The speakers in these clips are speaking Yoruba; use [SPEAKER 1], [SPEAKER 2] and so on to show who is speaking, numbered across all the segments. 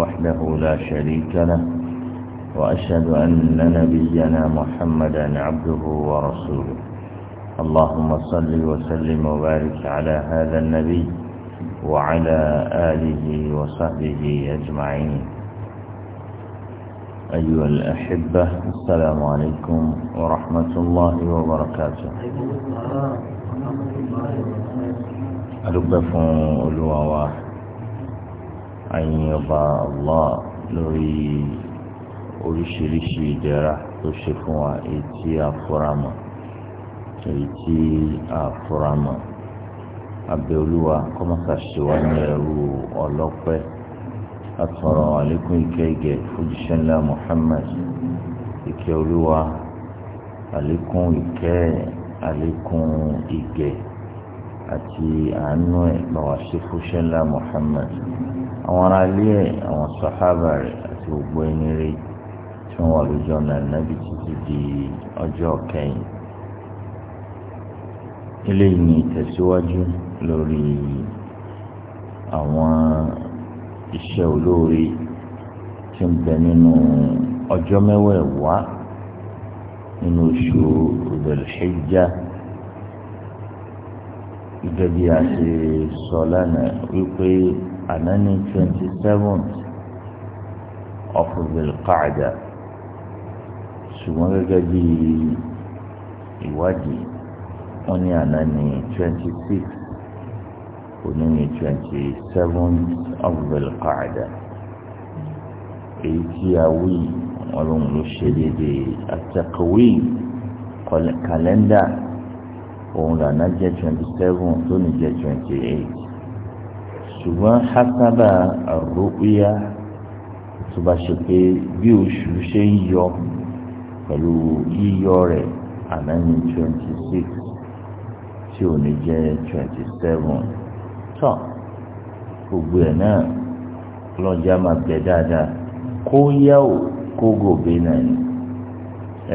[SPEAKER 1] وحده لا شريك له وأشهد أن نبينا محمدا عبده ورسوله اللهم صل وسلم وبارك على هذا النبي وعلى آله وصحبه أجمعين أيها الأحبة السلام عليكم ورحمة الله وبركاته أدب فون ألواواه àyìn ọba Allah lórí oríṣiríṣi ìdẹ̀ra tó ṣe fún wa èyí tí a fura mọ́ èyí tí a fura mọ́ abẹ́ olúwa kọ́mọ́sà ṣe wá ní ẹrú ọlọ́pẹ́ atọ̀rọ̀ àlékún ìkẹ́ ìgẹ̀ fújíṣẹ́ ńlá Muhammad ìkẹ́ olúwa àlékún ìkẹ́ àlékún ìgẹ̀ àti àánú ẹ̀ bá wa ṣe fújíṣẹ́ ńlá Muhammad àwọn ará ilé ẹ̀ àwọn sàhábà rẹ̀ àti gbogbo ẹni rẹ̀ tí wọ́n wà lójú ọ̀nà ìnábì títí di ọjọ́ kẹyìn. eléyìí ni ìtẹ̀síwájú lórí àwọn iṣẹ́ olóore tí ń bẹ nínú ọjọ́ mẹ́wẹ̀ẹ̀wá nínú oṣù Dhul Hijjah gẹ́gẹ́ bí a ṣe sọ lánàá wípé àná ní twenty seventh of Dhul-Qa'da ṣùgbọ́n gẹ́gẹ́ bí ìwádìí wọ́n ní àná ní twenty six òní ní twenty seventh of Dhul-Qa'da èyí tí a wí wọn lòun ló ṣe déédéé àtẹkọ̀wé kàlẹ́ndà òun lànà jẹ́ twenty seven tó ní jẹ́ twenty eight ṣùgbọ́n hasaba àrùkúyà tó bá ṣe pé bí oṣù ṣe ń yọ pẹ̀lú yíyọ rẹ̀ àná ní twenty six tí ò ní jẹ́ twenty seven tọ́ gbogbo ẹ̀ náà lọ́jà máa bẹ dáadáa kó yá o kó gòbé náà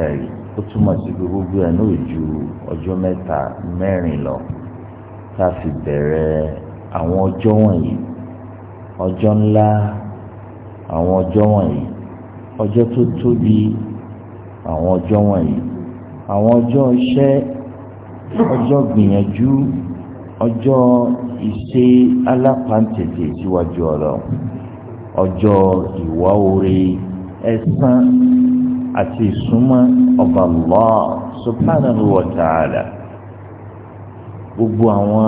[SPEAKER 1] ẹ̀rí. Eh, ó túmọ̀ sí pé gbogbo ẹ̀ náà ju ọjọ́ mẹ́ta mẹ́rin lọ tá a fi bẹ̀rẹ̀ àwọn ọjọ́ wọ̀nyí ọjọ́ ńlá àwọn ọjọ́ wọ̀nyí ọjọ́ tó tóbi àwọn ọjọ́ wọ̀nyí àwọn ọjọ́ iṣẹ́ ọjọ́ gbìyànjú ọjọ́ ìṣe alápàǹtẹ̀tẹ̀ síwájú ọ̀rọ̀ ọjọ́ ìwà oore ẹ̀san. àti ìsúnmọ́ ọba Allah subhanahu wa ta'ala gbogbo àwọn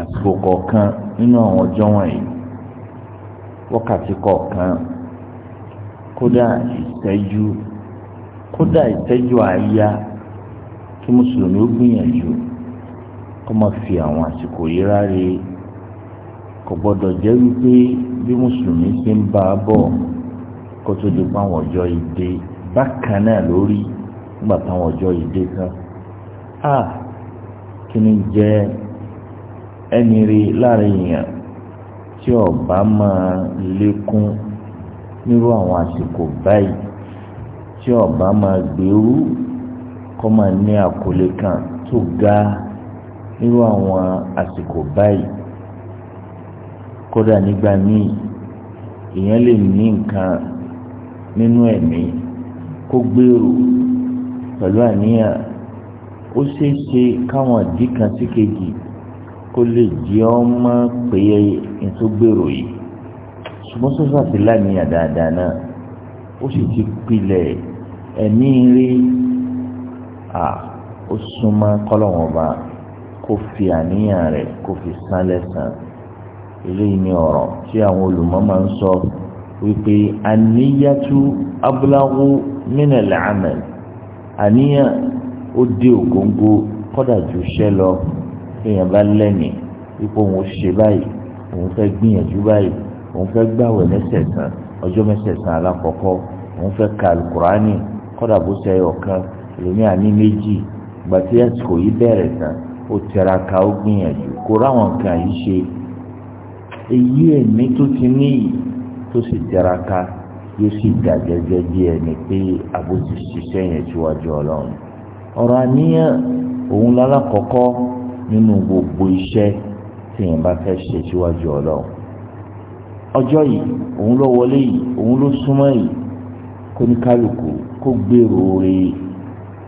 [SPEAKER 1] àsìkò kọ̀ọ̀kan nínú àwọn ọjọ́ wọ̀nyí wákàtí kọ̀ọ̀kan kódà ìṣẹ́jú kódà ìṣẹ́jú àyà kí mùsùlùmí ó gbìyànjú kó máa fi àwọn àsìkò yìí ráre kò gbọ́dọ̀ jẹ́ wípé bí mùsùlùmí ṣe ń bá a bọ̀ kó tó di pa àwọn ọjọ́ ìdè bákan náà lórí nígbà táwọn ọjọ́ ìdè tán a kí ni jẹ́ ẹni rí láàrin èèyàn tí ọba máa lékún nírú àwọn àsìkò báyìí tí ọba máa gbèrú kọ́ máa ní àkọlé kan tó ga nírú àwọn àsìkò báyìí kódà nígbà míì èèyàn lè ní nǹkan nínú ẹ̀mí kó gbèrò pẹ̀lú àníyàn ó ṣeé ṣe káwọn ìdí kan sí kejì kó lè jẹ́ ọmọ pé ètò gbèrò yìí ṣùgbọ́n sọ́sọ́ àti láníyàn dáadáa náà ó sì ti pilẹ̀ ẹ̀mí rí à ó súnmọ́ kọ́lọ́wọ́n bá kó fi àníyàn rẹ̀ kó fi sán lẹ́sàn eléyìí ni ọ̀rọ̀ tí àwọn olùmọ̀ máa ń sọ. So, wípé àníyàtú abúláwó mínàlẹ àmẹ àníyàn ó dé ògóńgó kódà ju iṣẹ́ lọ kéèyàn bá lẹ́nìí ipò òun ṣe báyìí òun fẹ́ gbìyànjú báyìí òun fẹ́ gbàwẹ̀ mẹ́sẹ̀sán ọjọ́ mẹ́sẹ̀sán alákọ̀ọ́kọ́ òun fẹ́ ka alukurani kódà bó ṣe ọ̀kan èmi àní méjì gbàtí àsìkò yìí bẹ̀rẹ̀ tán ó tẹ̀raka ó gbìyànjú kó ráwọn kan yìí ṣe èyí ẹ̀mí tó ti níyì tó sì jaraka yóò sì dà gẹ́gẹ́ bí ẹni pé àbójú ṣiṣẹ́ yẹn síwájú ọlọ́run ọ̀rọ̀ àníyàn òun lálákọ̀ọ́kọ́ nínú gbogbo iṣẹ́ tí yẹn bá fẹ́ ṣe síwájú ọlọ́run ọjọ́ yìí òun ló wọlé yìí òun ló súnmọ́ yìí kó ní kálukú kó gbèrò rè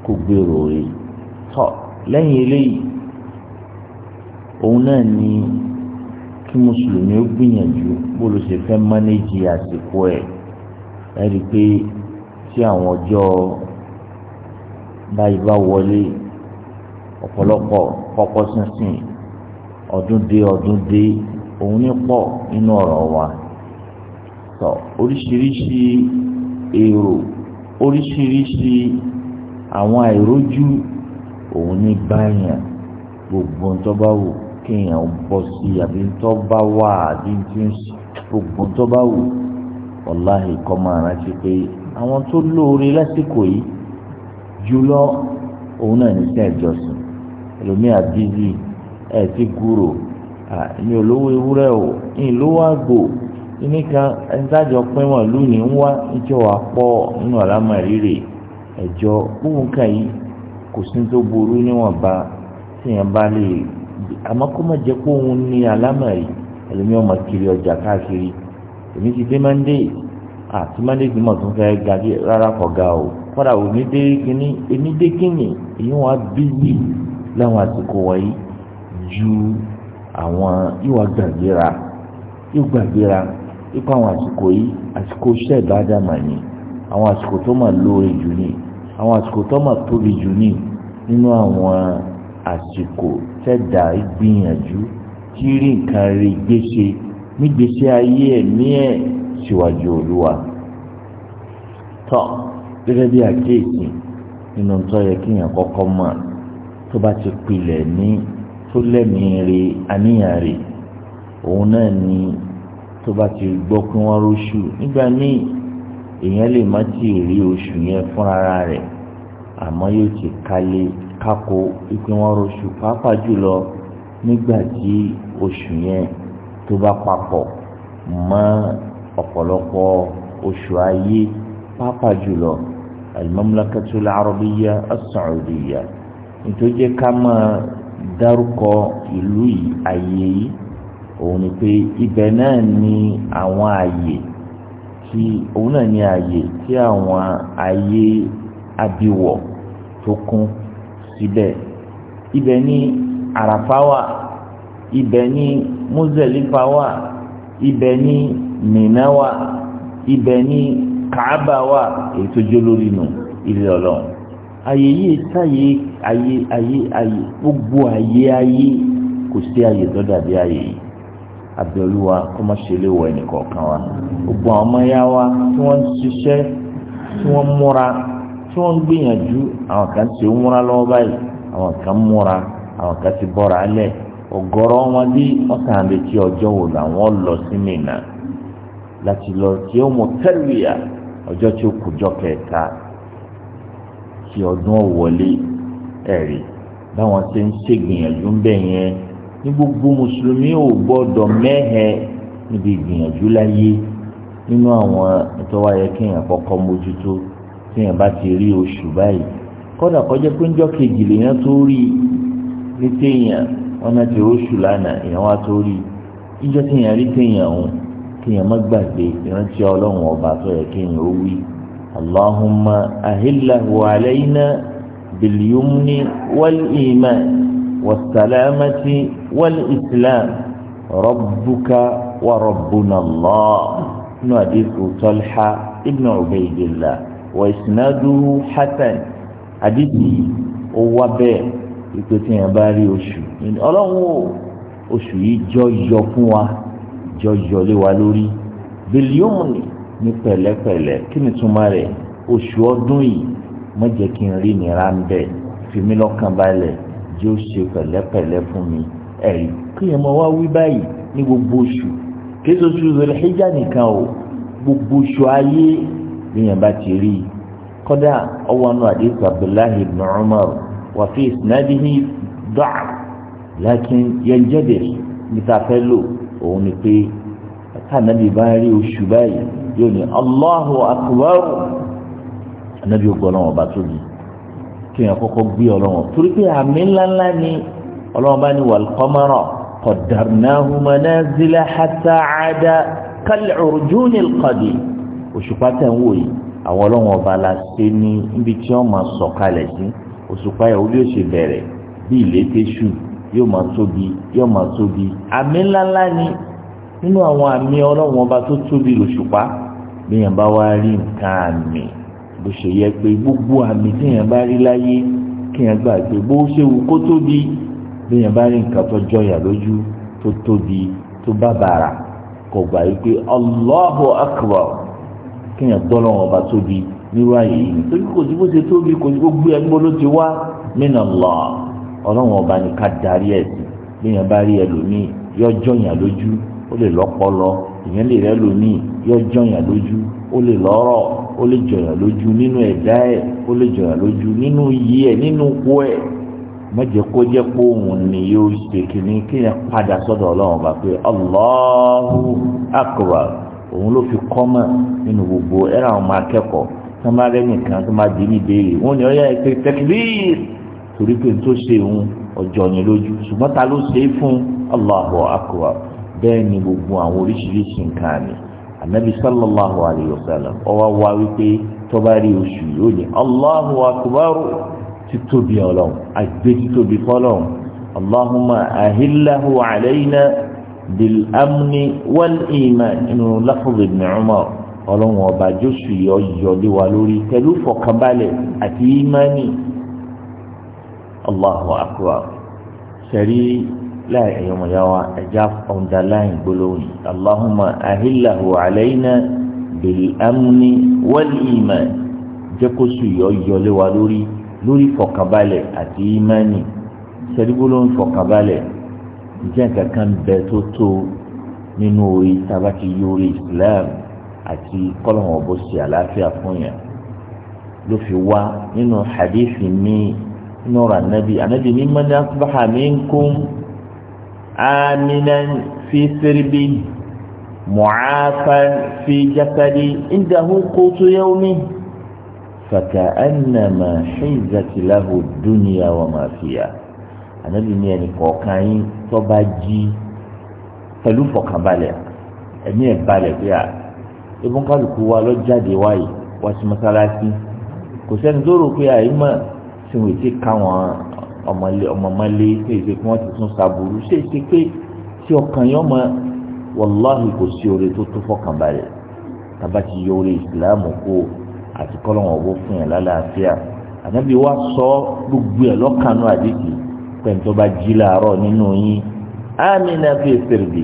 [SPEAKER 1] kó gbèrò rè tọ́ lẹ́yìn eléyìí òun náà ní kí mùsùlùmí ó gbìyànjú bó ló ṣe fẹ́ mánéjì àsìkò ẹ̀ ẹ rí i pé tí àwọn ọjọ́ báyìí bá wọlé ọ̀pọ̀lọpọ̀ kọ́kọ́ sínsìn ọdún dé ọdún dé òun ní pọ̀ nínú ọ̀rọ̀ wa tọ oríṣiríṣi èrò oríṣiríṣi àwọn àìrójú òun ní báyà gbogbo ń tọ́ bá wò. kéèyàn bọ́ sí àbí tó bá wà àbí tí ń gbogbo tó bá wù wàláhì kọ́ máa rántí pé àwọn tó lóore lásìkò yìí jùlọ òun náà ní sẹ́ ìjọsìn ẹlòmíà bíbí ẹ̀ ti gúrò ní olówó ewúrẹ́ o ní wọn ní ń wá gbogbo yìí kò sí tó burú níwọ̀nba àmọ́ kó má jẹ́ kó òun ní alámàrí ẹlòmí ọmọ kiri ọjà káàkiri èmi ti dé mande àti mande ti mọ̀ tún fẹ́ ga dé rárá kọ̀ ga o kọ́dà òní dé kínní èmi dé kínní èyí wọn á láwọn àsìkò wọ̀nyí ju àwọn ìwà gbàgbéra yóò gbàgbéra ipò àwọn àsìkò yìí àsìkò iṣẹ́ ìbádàá mà ní àwọn àsìkò tó mà lóore jù ní àwọn àsìkò tó mà tóbi jù ní nínú àwọn àsìkò tẹ́dà gbìyànjú tí rí nǹkan rí gbéṣe nígbèsè ayé ẹ̀mí ẹ̀ síwájú olúwa tọ́ gẹ́gẹ́ bí àkéèkì nínú tó yẹ kéèyàn kọ́kọ́ mọ̀ tó bá ti pilẹ̀ ní tó lẹ́mìí rí àníyàn rí òun náà ni tó bá ti gbọ́ pé wọ́n róṣù nígbà míì èèyàn lè má ti rí oṣù yẹn fún ara rẹ̀ àmọ́ yóò ti kálé kakò ìpín wọn roṣù pàápàá jùlọ nígbà tí oṣù yẹn tó bá papọ̀ mọ́ ọ̀pọ̀lọpọ̀ oṣù ayé pàápàá jùlọ al-Mamlakatul Arabiya as-Saudiya nítorí ká máa dárúkọ ìlú yìí ayé yìí òun ni pé ibẹ̀ náà ni àwọn ààyè tí òun náà ni ààyè tí àwọn ayé abiwọ̀ tó kún síbẹ̀ ibẹ̀ ni àràfá wà ibẹ̀ ni muzalifa wà ibẹ̀ ni mina wà ibẹ̀ ni kaaba wà ètò jólórí nù ilé ọlọ́run àyè yìí sáyé ayé ayé ayé gbogbo ayé ayé kò sí ayé tó dàbí ayé yìí abẹ́olúwa kó má ṣe léwọ ẹnì kọ̀ọ̀kan wa gbogbo àwọn ọmọ ya wa tí wọ́n ń ṣiṣẹ́ tí wọ́n múra tí wọ́n gbìyànjú àwọn kan ti ń múra lọ́wọ́ báyìí àwọn kan múra àwọn kan ti bọ́ra alẹ́ ọ̀gọ̀rọ̀ wọn bí wọ́n kàn lè ti ọjọ́ wò làwọn lọ sí láti lọ tí ó mọ tẹ́lẹ̀yà ọjọ́ tí ó kùjọ́ kẹta tí ọdún ẹ̀rí báwọn ṣe ń tíyẹn bá ti rí oṣù báyìí kódà kọjá pé ńjọ́ kejì lèèyàn tó rí ní téèyàn wọn náà ti oṣù lánàá èèyàn wá tó rí níjọ́ téèyàn rí téèyàn òun kéèyàn má gbàgbé ìrántí ọlọ́run ọba tó yẹ kéèyàn ó wí allahumma ahillahu alayna bilyumni wal iman wasalamati wal islam rabbuka wa rabbuna allah nínú àdìsù Talha ibn Ubaydillah wa isnadu hasan hadithi ó wá bẹ́ẹ̀ ìpè tí yẹn bá rí oṣù ọlọ́run oṣù yìí jọjọ fún wa jọjọ lé wa lórí bílíọ̀nù ní pẹ̀lẹ́pẹ̀lẹ́ kí ni túmọ̀ rẹ̀ oṣù ọdún yìí má jẹ́ kí n rí nira ń bẹ̀ fi mí lọ́kàn balẹ̀ jẹ́ ó ṣe pẹ̀lẹ́pẹ̀lẹ́ fún mi ẹ̀rí kí yẹn mọ wá wí báyìí ní gbogbo oṣù kí oṣù Zul Hijja nìkan o gbogbo oṣù ayé bíyàn bá ti rí i kódà ọwọ́ nu àdéhùn abdullahi ibn umar wà fi ìsinadìhí dọ́à lakin yanjẹ́dẹ̀ níta fẹ́ lò òun ni pé káànábì bá rí oṣù báyìí yóò ní allahu akbar anabi ó gbọ́ ọlọ́wọ́n bá tóbi kí yẹn kọ́kọ́ gbé ọlọ́wọ́n torí pé àmì ńláńlá ni ọlọ́wọ́n bá ní wàlúkọ́mọ́rọ̀ qaddarnahu manazila hatta ada kal urjunil qadim òṣùpá tẹ̀ ń wò yìí àwọn ọlọ́wọ́n ọba la ṣe ní níbi tí wọ́n máa sọ̀kalẹ̀ sí òṣùpá yẹn olú yóò ṣe bẹ̀rẹ̀ bí ìlétésù yóò máa tóbi yóò máa tóbi àmì ńláńlá ni nínú àwọn àmì ọlọ́wọ́n ọba tó tóbi lòṣùpá bíyàn bá wá rí nǹkan àmì bó ṣe yẹ pé gbogbo àmì tíyàn bá rí láyé kíyàn gbà pé bó ṣe wù kó tóbi bíyàn bá rí nǹkan tó jọyà lójú tó tóbi tó bàbàrà kò gbà yí pé Allahu akbar kéèyàn gbọ́lọ́ ọba tóbi nírú ààyè yìí nítorí kò sí bó ṣe tóbi kò sí bó gbé ẹgbẹ́ ló ti wá minallah ọlọ́run ọba ni ká darí ẹ̀sìn léèyàn bá rí ẹlòmíì yóò jọyàn lójú ó lè lọ́pọlọ èèyàn lè rẹ́ lòmíì yóò jọyàn lójú ó lè lọ́rọ̀ ó lè jọyàn lójú nínú ẹ̀dá ẹ̀ ó lè jọyàn lójú nínú iyì ẹ̀ nínú kó ẹ̀ mọ̀jẹ̀ kó jẹ́ pé òun ni yóò ṣe kìnnìkìnnì padà sọ́dọ̀ ọlọ́run ọba pé Allahu akbar òun ló fi kọ́mọ̀ nínú gbogbo ẹ̀rọ àwọn ọmọ akẹ́kọ̀ọ́ tó máa rẹ́ nìkan tó máa di ní ìbéèrè wọn ni ọ̀yà ẹ̀sẹ̀ tẹkbíìr torí pé tó ṣe òun ọjọ́ yẹn lójú ṣùgbọ́n ta ló ṣe é fún Allahu akbar bẹ́ẹ̀ ni gbogbo àwọn oríṣiríṣi nǹkan ni anabi sallallahu alayhi wa sallam ọwọ́ wa wípé tó rí oṣù yóò ní Allahu akbar títóbi ọlọ́run àgbẹ̀ títóbi fọlọ́run Allahumma ahillahu alayna bilamni wal iman inú lafọdù ibn Umar ọlọ́run ọba jósù yọ yọlé wa lórí pẹ̀lú fọkànbalẹ̀ àti imani allahu akbar sẹ́rí láì ẹ̀yọ́mọ̀ yá wa ẹja ọ̀ndàláyìn gbólóhùn allahumma ahillahu alayna bilamni wal iman jẹ́kọ̀sù yọ yọlé wa lórí lórí fọkànbalẹ̀ àti imani sẹ́rí gbólóhùn fọkànbalẹ̀ jẹ́ nǹkan kan bẹ tó tó nínú orí tábà ti yọrí Islam àti kọ́lọ́mù ọ̀bọ sí àlàáfíà fún yẹn ló fi wá nínú hadithi mi nínú ọ̀rọ̀ anabi anabi ní man asbaha minkum aminan fi sirbi mu'afan fi jasadi indahu qutu yawmi faka'annama hizat lahu dunya wa ma ànábì ní ẹnì kọ̀ọ̀kan yín tó bá jí pẹ̀lú fọkànbalẹ̀ ẹ̀mí ẹ̀ balẹ̀ bí a ebọn kálukú wa lọ jáde wáyé wá sí mọ́sálásí kò sẹ́ni tó rò pé àyímọ̀ tí wọ́n ti káwọn ọmọọmọlé tó yẹ kí wọ́n ti tún sàbùrù ṣe é ṣe pé tí ọkàn yẹn ọmọ wàláhì kò sí oore tó tó fọkànbalẹ̀ tàbá ti yọ orí ìsìláàmù kó àti kọ́lọ́wọ́n owó fún yẹn lálàáfíà ànábì wa sọ gbogbo ẹ̀ lọ́kànú àdéhìí pẹ̀ntọ́ bá jí làárọ̀ nínú yín amina fi sèrèdè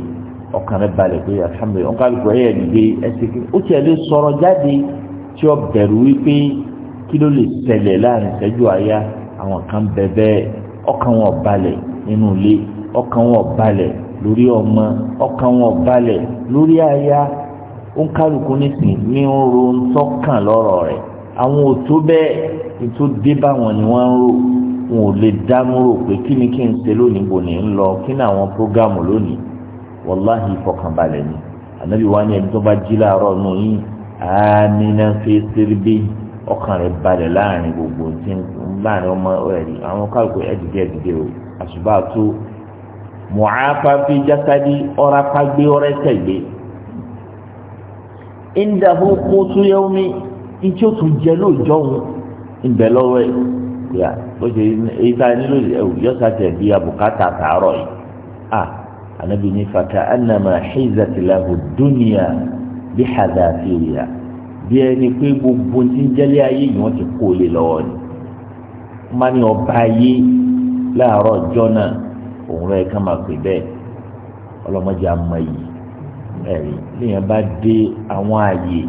[SPEAKER 1] ọkàn rẹ balẹ̀ pé alhamdulilayi ọkàn àlùkò ẹ̀yẹ dìde ẹsẹ̀ kí ó tiẹ̀ lè sọ̀rọ̀ jáde tí ó bẹ̀rù wípé kí ló lè ṣẹlẹ̀ láàrin ìṣẹ́jú àyà àwọn kan bẹ̀bẹ̀ ọkàn wọn balẹ̀ nínú ilé ọkàn wọn balẹ̀ lórí ọmọ ọkàn wọn balẹ̀ lórí àyà òǹkàlùkù nísìn ní ń tọ́kàn lọ́rọ̀ rẹ̀ àwọn òtó bẹ́ẹ̀ ètò wọn ò lè dámúrò pé kí ni kí n ṣe lónìí bò ní ń lọ kí ni àwọn prógámù lónìí wàláhì ìfọkànbalẹ̀ ni ànábì wa ni ẹni tó bá jí láàárọ̀ nù yín fi sírbí ọkàn rẹ̀ balẹ̀ láàrin gbogbo tí láàrin ọmọ ẹ̀rí àwọn kálukú ẹ̀dìdẹ́ ẹ̀dìdẹ́ o àṣùbà tó mùcáfà fi jásádì ọ̀rá pàgbé ọ̀rẹ́ tẹ̀gbé yà ó ṣe èyí tá a nílò yọ̀ọ́sà tẹ̀ bí abùkátà tààrọ̀ yìí a anabi ní fata anama hezatilahu duniya bí hadafiriya bí ẹni pé gbogbo ti ń jẹ́lé ayé yìí wọ́n ti kó lè lọ́wọ́ ni má ní ọba ayé láàárọ̀ ọjọ́ náà òun rẹ̀ ká pè bẹ́ẹ̀ ọlọ́mọdé àmọ́ yìí ẹ̀rí lèèyàn bá dé àwọn ààyè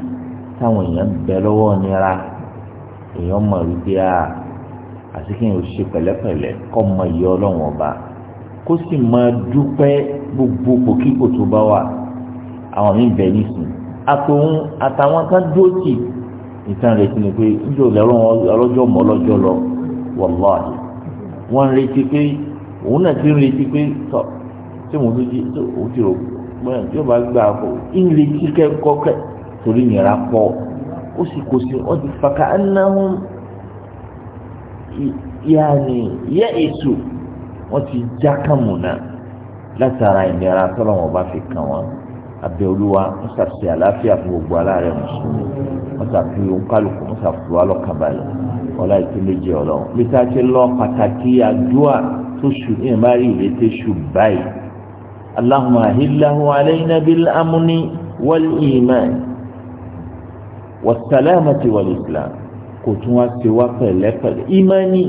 [SPEAKER 1] táwọn èèyàn bẹ lọ́wọ́ nira èèyàn mọ̀ wípé a àti kí n ò ṣe pẹ̀lẹ́pẹ̀lẹ́ kọ́ mọ iye ọlọ́run ọba kó sì máa dúpẹ́ gbogbo pòkípò tó bá wà àwọn mi bẹ̀ nísìn àtòun àtàwọn kan dúró tì ìtàn retí ni pé níjọ lẹ́rọ ọlọ́jọ́ mọ́ ọlọ́jọ́ lọ wàláhì wọ́n ń retí pé òun náà ti ń retí pé tọ́ tí mo tún jí tó òun ti rò bóyá tí ó bá gbà kó ń retí kẹ́kọ́ kẹ́ torí nira pọ̀ ó sì kò sí wọ́n ti fàkà ẹ̀ náà yáàni yẹ èso wọ́n ti já kàmùnà látara ìnira tọ́lọ̀ wọn bá fi kàn wọ́n abẹ́ olúwa wọ́n ṣàṣe àlàáfíà fún gbogbo aláàrẹ̀ mùsùlùmí wọ́n ṣàfi òǹkálùkù wọ́n ṣàfi wàlọ́kàbalẹ̀ ọlá ìpínlẹ̀jẹ̀ ọlọ́run bí tá a ti lọ pàtàkì àdúrà tó ṣù ní ìmárì ìrètí ṣù báyìí aláhùn àhíláhù aláìnábíl amúní wal ìmán wàsálàmàtì wal ìsìlámù kò tún wá ṣe wá pẹ̀lẹ́pẹ̀lẹ́ ìmánì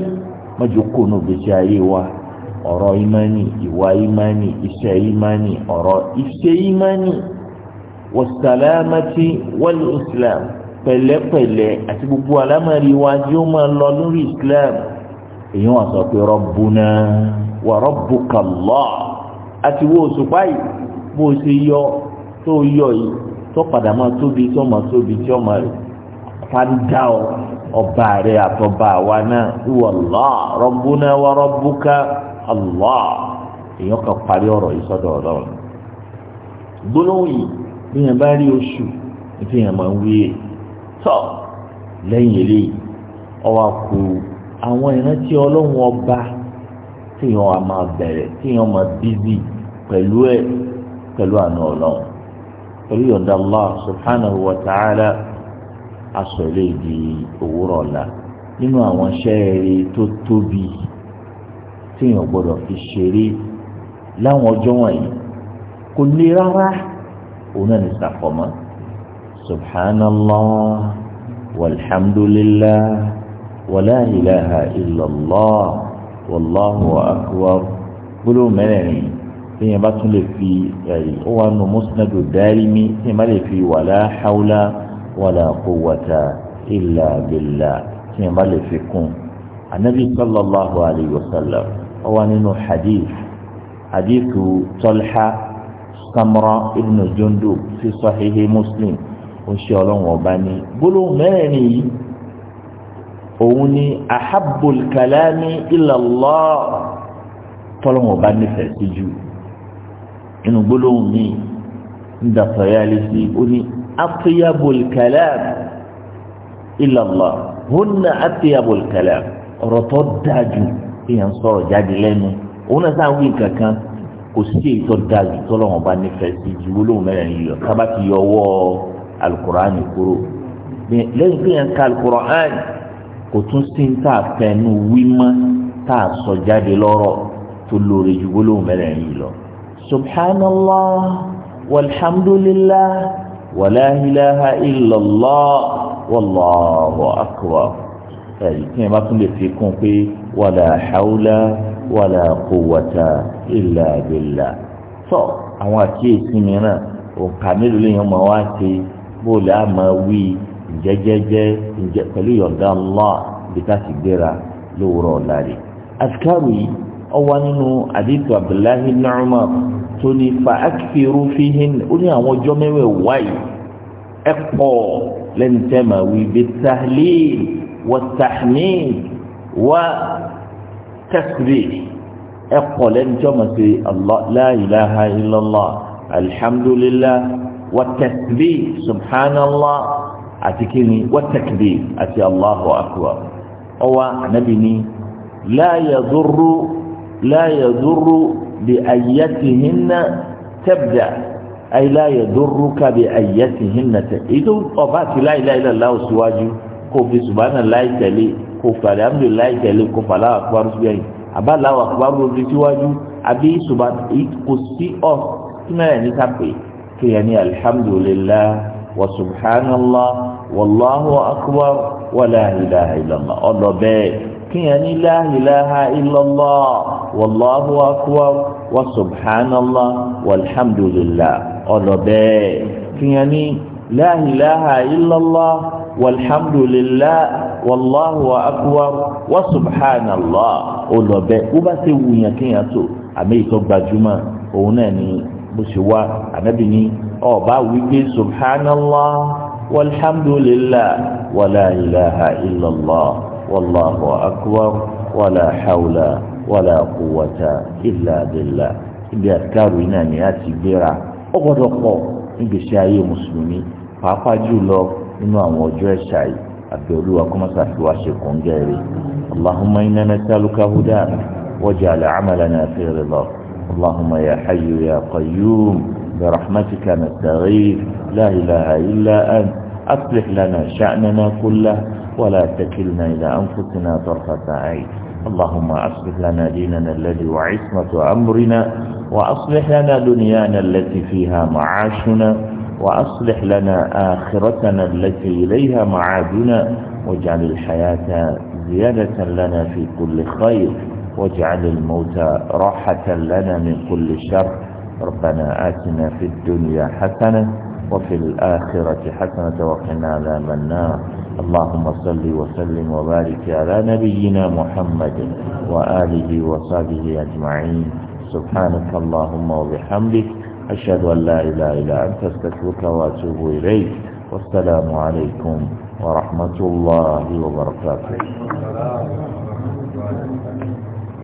[SPEAKER 1] mọ́jú kò nù gbèsè ayé wa ọ̀rọ̀ ìmánì ìwà ìmánì iṣẹ́ ìmánì ọ̀rọ̀ iṣẹ́ ìmánì wàsálàmàtì wal islam pẹ̀lẹ́pẹ̀lẹ́ àti gbogbo alámàrí wa tí ó máa lọ lórí islam èyí wọn sọ pé rabbuna wa rabbuka Allah àti wo òṣùpá yìí bó o ṣe yọ tó yọ yìí tó padà máa tóbi tó máa tóbi tí ó máa fa ń dá ọ ọba rẹ àtọba wa náà wọlọ rọbùnà wà rọbùkà ọlọ èèyàn kan parí ọ̀rọ̀ yìí sọ́dọ̀ Ọlọ́run gbólóhùn yìí bí yẹn bá rí oṣù ìfi yẹn máa ń wíyè tọ lẹ́yìn eléyìí ọwọ kù àwọn ìrántí Ọlọ́run ọba tíyàn máa máa ẹ yọ̀ǹda Allah subhanahu wa ta'ala. aṣọ ilé di òwúrọ̀ ọ̀la nínú àwọn iṣẹ́ eré tó tóbi téèyàn gbọ́dọ̀ fi ṣeré láwọn ọjọ́ wọ̀nyí kò le rárá òun náà ní sàfọ̀mọ́ subhanallah walhamdulillah wala ilaha illallah wallahu akbar gbólóhùn mẹ́rẹ̀ẹ̀rin téèyàn bá tún lè fi ẹ̀rí ó wà nù musnadu darimi téèyàn bá lè fi wala hawla wala quwwata illa billah tí yẹn bá lè fi kún anabi sallallahu alayhi wa sallam ó wà nínú hadith hadithu Talha Samra ibn Jundub fi sahihi Muslim ó ṣe ọlọ́run ọba ní gbólóhùn mẹ́rin yìí òun ni ahabul kalami ilallah tọ́lọ́run ọba nífẹ̀ẹ́ sí jù inú gbólóhùn mi ń dàtọ̀ yálé sí ó ní atyabul kalam illa Allah hunna atyabul kalam ọ̀rọ̀ tó dáa jù èèyàn sọ̀rọ̀ jáde lẹ́nu òun náà sáà ń wí kankan kò sí èyí tó dáa jù tó lọ́wọ́n bá nífẹ̀ẹ́ sí ju olóhùn mẹ́rin yìí lọ kábà ti yọ ọwọ́ alukur'an kúrò lẹ́yìn pé yẹn ka alukur'an kò tún sí ń tà fẹnu wímọ́ tà sọ jáde lọ́rọ̀ tó lóore ju olóhùn mẹ́rin yìí lọ subhanallah walhamdulillah wàlá ilaha illallah wallahu akbar ẹ̀yìn tí yẹn bá tún lè fi kún pé wàlá hawla wàlá quwwata illa billah tọ́ àwọn àkíyèsí mìíràn òǹkà mélòó lèèyàn máa wá ṣe bóòlù àmọ́ wí ìjẹ́jẹ́jẹ́ ìjẹ́ pẹ̀lú ìyọ̀ǹda Allah bí sì gbéra lówùrọ̀ ọ̀la rẹ̀ àfikàrù yìí nínú àdìtú Abdullahi ibn tó ní fa akfiru fihin ó ní àwọn ọjọ́ mẹ́wẹ̀ẹ́wá yìí ẹ pọ̀ lẹ́nu tẹ́ máa wí bi tahlil wa tahmid wa tasbih ẹ pọ̀ lẹ́nu tẹ́ máa ṣe la ilaha illallah alhamdulillah wa àti kíni wa takbir àti allahu akbar ọwọ́ anabi ni la yadurru la yadurru. بأيتهن تبدأ أي لا يضرك بأيتهن إذا أبات لا إله إلا الله سواجه كوفي سبحان الله تلي كوفي الحمد لله تلي كوفي الله أكبر سبحانه أبا الله أكبر رضي سواجه أبي سبحان إتقسي أف كما يعني تبقي يعني الحمد لله وسبحان الله والله أكبر ولا إله إلا الله الله بي كياني لا إله إلا الله wàlláhu akbar wa subhanallah walhamdulillah ọ̀nà bẹ́ẹ̀ fìyàn ní la ilaha illallah walhamdulillah wàlláhu akbar wa subhanallah ọ̀nà bẹ́ẹ̀ wọ́n bá ti wùyàn kéèyàn tó àmì ìtọ́ gbajúmọ̀ òun náà ni bó ṣe wá ànábì ní ọba wípé subhanallah walhamdulillah wàlá ilaha illallah wàlláhu akbar wàlá wàlà quwwata illa billah ibi àtikárò yìí náà ni a ti gbéra ó gbọ́dọ̀ pọ̀ nígbèsè ayé mùsùlùmí pàápàá jùlọ nínú àwọn ọjọ́ ẹ̀ṣà yìí àbẹ̀olú akọ́mọ́sá fi wá ṣe kún gẹ́rẹ́ allahumma inna nas'aluka huda waj'al 'amalana fi ridha allahumma ya hayyu ya qayyum برحمتك نستغيث لا إله إلا أنت أصلح لنا شأننا كله ولا تكلنا إلى أنفسنا طرفة عين اللهم أصلح لنا ديننا الذي وعصمة أمرنا وأصلح لنا دنيانا التي فيها معاشنا وأصلح لنا آخرتنا التي إليها معادنا واجعل الحياة زيادة لنا في كل خير واجعل الموت راحة لنا من كل شر ربنا آتنا في الدنيا حسنة وفي الآخرة حسنة وقنا عذاب النار اللهم صل وسلم وبارك على نبينا محمد وآله وصحبه أجمعين سبحانك اللهم وبحمدك أشهد أن لا إله إلا أنت استغفرك وأتوب إليك والسلام عليكم ورحمة الله وبركاته